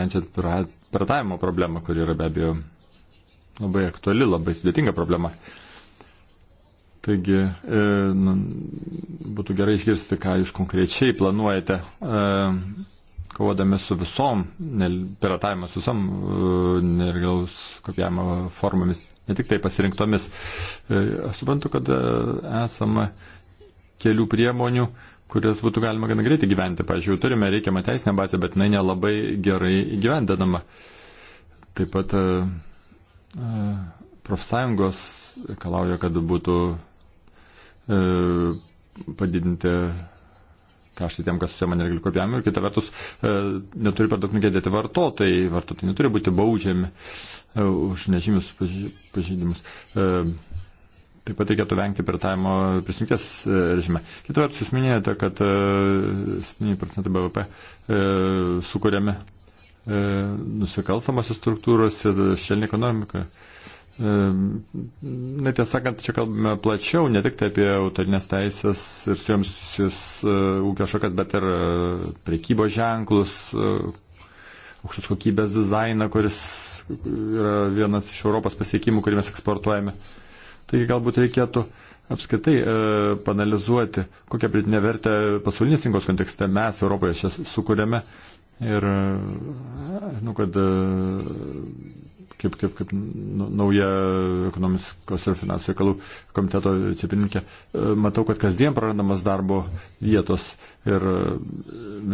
sprendžiant piratavimo problemą, kuri yra be abejo labai aktuali, labai sudėtinga problema. Taigi e, nu, būtų gerai išgirsti, ką jūs konkrečiai planuojate, e, kovodami su visom, piratavimas su visom e, neregilaus kopijavimo formomis, ne tik tai pasirinktomis. E, aš suprantu, kad e, esama kelių priemonių, e, kurias būtų galima gana greitai gyventi. Pavyzdžiui, turime reikiamą teisinę bazę, bet jinai nelabai gerai gyvendinama. Taip pat e, e, profsąjungos kalauja, kad būtų e, padidinti kaštai tiem, kas užsiema nereglių kopijavimu ir kita vertus e, neturi per daug nukėdėti vartotojai, vartotojai neturi būti baudžiami e, už nežymius pažydimus. E, Taip pat reikėtų vengti pritavimo prisimties e, režime. Kita vertus, jūs minėjote, kad 7 e, procentai BVP e, sukūrėme nusikalstamosios struktūros ir šelnė ekonomika. Na tiesą sakant, čia kalbame plačiau, ne tik tai apie autorinės teisės ir su joms susijęs ūkio šakas, bet ir prekybo ženklus, aukštos kokybės dizainą, kuris yra vienas iš Europos pasiekimų, kurį mes eksportuojame. Uh, Taigi galbūt reikėtų apskritai e, panalizuoti, kokią pridinę vertę pasaulinės rinkos kontekste mes Europoje čia sukūrėme. Ir, e, nu, kad e, kaip, kaip, kaip nu, nauja ekonomiskos ir finansų reikalų komiteto vicepirinkė, e, matau, kad kasdien prarandamas darbo vietos ir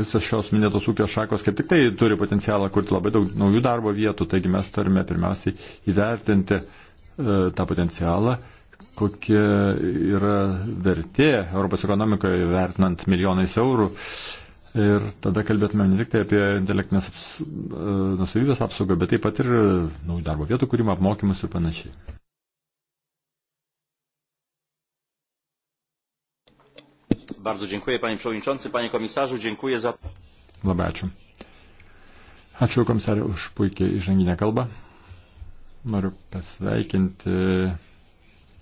visas šios minėtos ūkio šakos kaip tik tai turi potencialą kurti labai daug naujų darbo vietų, taigi mes turime pirmiausiai įvertinti uh, E, tą potencialą, kokia yra vertė Europos ekonomikoje vertinant milijonais eurų. Ir tada kalbėtume ne tik tai apie intelektinės aps, e, nusavybės apsaugą, bet taip pat ir e, nu, darbo vietų kūrimą, apmokymus ir panašiai. Bardzo dziękuję panie przewodniczący, panie komisarzu, dziękuję za. Labai ačiū. Ačiū komisarė už puikiai įžanginę kalbą. Noriu pasveikinti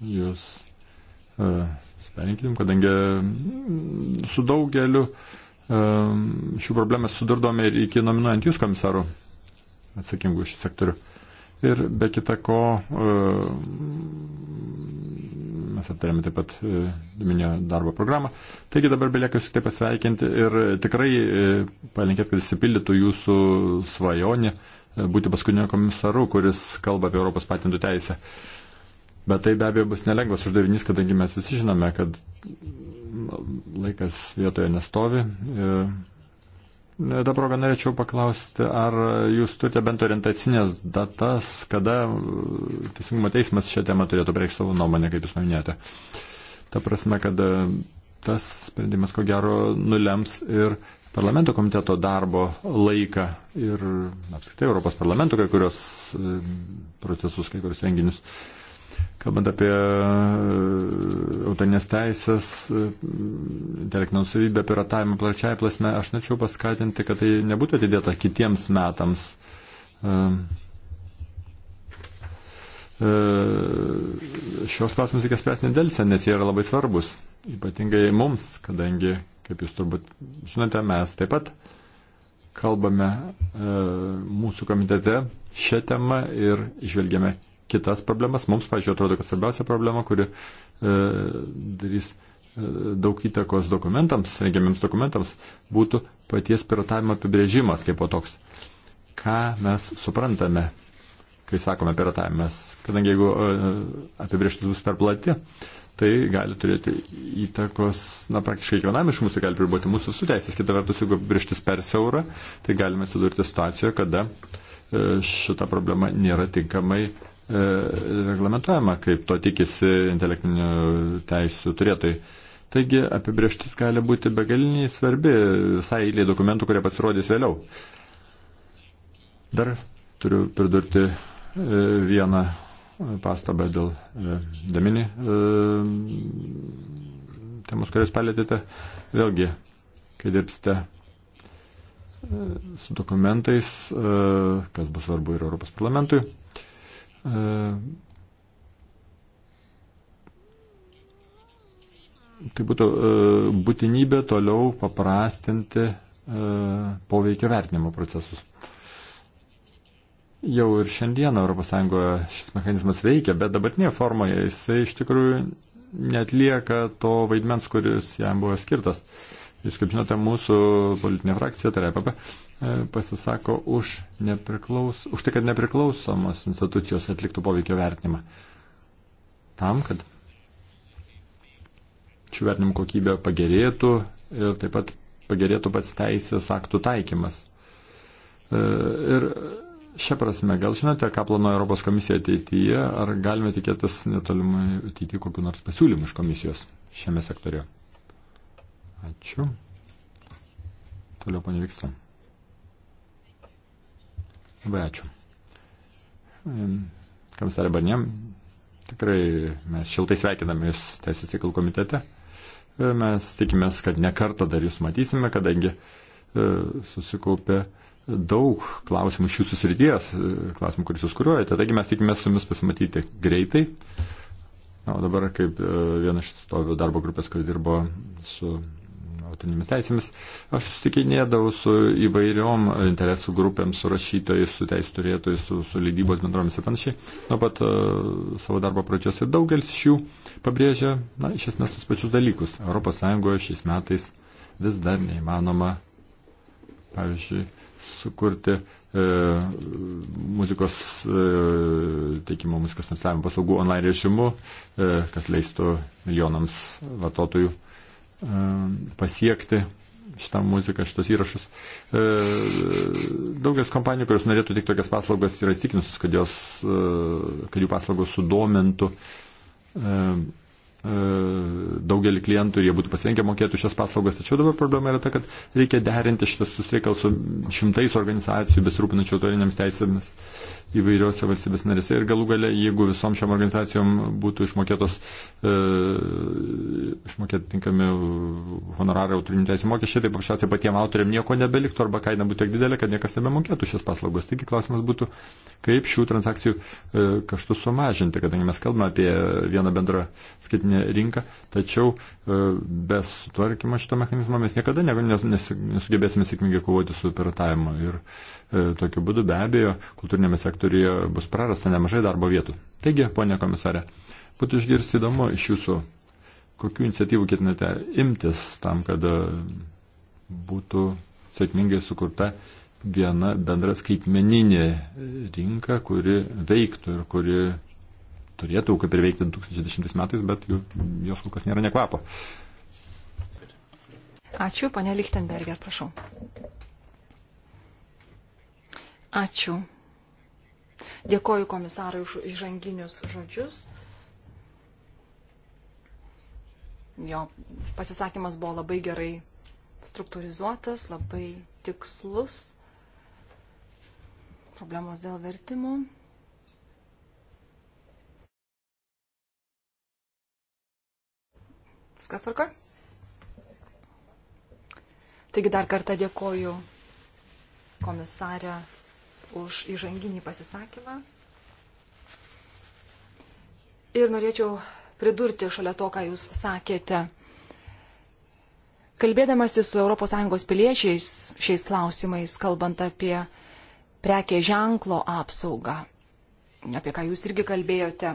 Jūs e, sveikinim, kadangi mm, su daugeliu e, šių problemų sudurdome ir iki nominuojant Jūs komisarų atsakingų šį sektorių. Ir be kita ko, e, mes aptarėme taip pat minėjo darbo programą. Taigi dabar belieka jūs tik tai pasveikinti ir tikrai palinkėt, kad įsipildytų jūsų svajonė E, būti paskutinio komisaru, kuris kalba apie Europos patentų teisę. Bet tai be abejo bus nelengvas uždavinys, kadangi mes visi žinome, kad laikas vietoje nestovi. E, Dabar proga norėčiau paklausti, ar jūs turite bent orientacinės datas, kada Teisingumo teismas šią temą turėtų prieš savo nuomonę, kaip jūs paminėjote. Ta prasme, kad e, tas sprendimas ko gero nulems ir parlamento komiteto darbo laiką ir apskritai Europos parlamento kai kurios e, procesus, kai kurios renginius. Kalbant apie e, autorinės teisės, e, intelektinę nusavybę, piratavimą plačiai plasme, aš norėčiau paskatinti, kad tai nebūtų atidėta kitiems metams. Šios klausimus reikia spręsti nedelsia, nes jie yra labai svarbus, ypatingai mums, kadangi Kaip jūs turbūt žinote, mes taip pat kalbame e, mūsų komitete šią temą ir žvelgiame kitas problemas. Mums, pažiūrėjau, atrodo, kad svarbiausia problema, kuri e, darys e, daug įtakos dokumentams, rengiamiems dokumentams, būtų paties piratavimo apibrėžimas kaip po toks. Ką mes suprantame, kai sakome piratavimas, kadangi jeigu e, apibrėžtis bus per plati, e, tai gali turėti įtakos, na, praktiškai kiekvienam iš mūsų gali priboti mūsų suteisės. Kita vertus, jeigu brištis per siaurą, tai galime sudurti situacijoje, kada e, šita problema nėra tinkamai e, reglamentuojama, kaip to tikisi intelektinių teisų turėtojai. Taigi apibrieštis gali būti begaliniai svarbi visai eilė dokumentų, kurie pasirodys vėliau. Dar turiu pridurti e, vieną pastabą dėl e, Damini e, temos, kurias palėtėte. Vėlgi, kai dirbsite e, su dokumentais, kas bus svarbu ir Europos parlamentui. Tai būtų būtinybė toliau paprastinti poveikio vertinimo procesus. Jau ir šiandien ES šis mechanizmas veikia, bet dabartinėje formoje jisai iš tikrųjų netlieka to vaidmens, kuris jam buvo skirtas. Jūs kaip žinote, mūsų politinė frakcija, tai yra EPP, e, pasisako už, nepriklaus, už tai, kad nepriklausomos institucijos atliktų poveikio vertinimą. Tam, kad šių vertinimų kokybė pagerėtų ir taip pat pagerėtų pats teisės aktų taikymas. E, ir Šią prasme, gal žinote, ką planuoja Europos komisija ateityje, ar galime tikėtis netolimai ateityje kokiu nors pasiūlymu iš komisijos šiame sektorėje? Ačiū. Toliau ponė Vyksta. Labai ačiū. Komisarė Barnėm, tikrai mes šiltai sveikiname Jūs Teisės reikalų komitete. Mes tikimės, kad ne kartą dar Jūs matysime, kadangi e, susikaupė uh, daug klausimų iš jūsų srities, e, klausimų, kuriuos jūs kuriuojate. Taigi mes tikime su jumis pasimatyti greitai. Na, o dabar kaip e, vienas iš stovių darbo grupės, kuri dirbo su autorinėmis teisėmis, aš susitikinėdavau su įvairiom interesų grupėm, su rašytojais, su teisų turėtojais, su, su leidybos bendromis ir panašiai. Nuo pat uh, savo darbo pradžios ir daugelis šių pabrėžia, na, iš esmės tos pačius dalykus. ES šiais metais vis dar neįmanoma, pavyzdžiui, uh, sukurti e, muzikos e, teikimo muzikos transliavimo paslaugų online režimu, e, kas leistų milijonams vartotojų pasiekti šitą muziką, šitos įrašus. Daugelis kompanijų, kurios norėtų tik tokias paslaugas, yra įstikinusios, kad, jos, kad jų paslaugos sudomintų E, daugelį klientų ir jie būtų pasirinkę mokėti šias paslaugas. Tačiau dabar problema yra ta, kad reikia derinti šitas susiekalus su šimtais organizacijų besirūpinančių autorinėms teisėmis įvairiose valstybės narėse ir galų gale, jeigu visom šiam organizacijom būtų išmokėtos, e, išmokėti tinkami honorarai autorinių teisų mokesčiai, tai paprasčiausiai patiems autoriam nieko nebeliktų arba kaina būtų tiek didelė, kad niekas nebemokėtų šias paslaugas. Taigi klausimas būtų, kaip šių transakcijų e, kaštus sumažinti, kadangi mes kalbame apie vieną bendrą skaitinę rinką, Tačiau e, be sutvarkymo šito mechanizmo mes niekada nesugebėsime sėkmingai kovoti su piratavimu. Ir e, tokiu būdu be abejo kultūrinėme sektorija bus prarasta nemažai darbo vietų. Taigi, ponė komisarė, būtų išgirsti įdomu iš jūsų, kokiu iniciatyvu ketinate imtis tam, kad e, būtų sėkmingai sukurta viena bendra skaitmeninė rinka, kuri veiktų ir kuri turėtų jau kaip ir veikti 2010 metais, bet jų, jos kol kas nėra nekvapo. Ačiū, ponė Lichtenberger, prašau. Ačiū. Dėkoju komisarai už įžanginius žodžius. Jo pasisakymas buvo labai gerai struktūrizuotas, labai tikslus. Problemos dėl vertimų. Viskas tvarka? Taigi dar kartą dėkoju komisarę už įžanginį pasisakymą. Ir norėčiau pridurti šalia to, ką Jūs sakėte. Kalbėdamasi su ES piliečiais šiais klausimais, kalbant apie prekė ženklo apsaugą, apie ką Jūs irgi kalbėjote,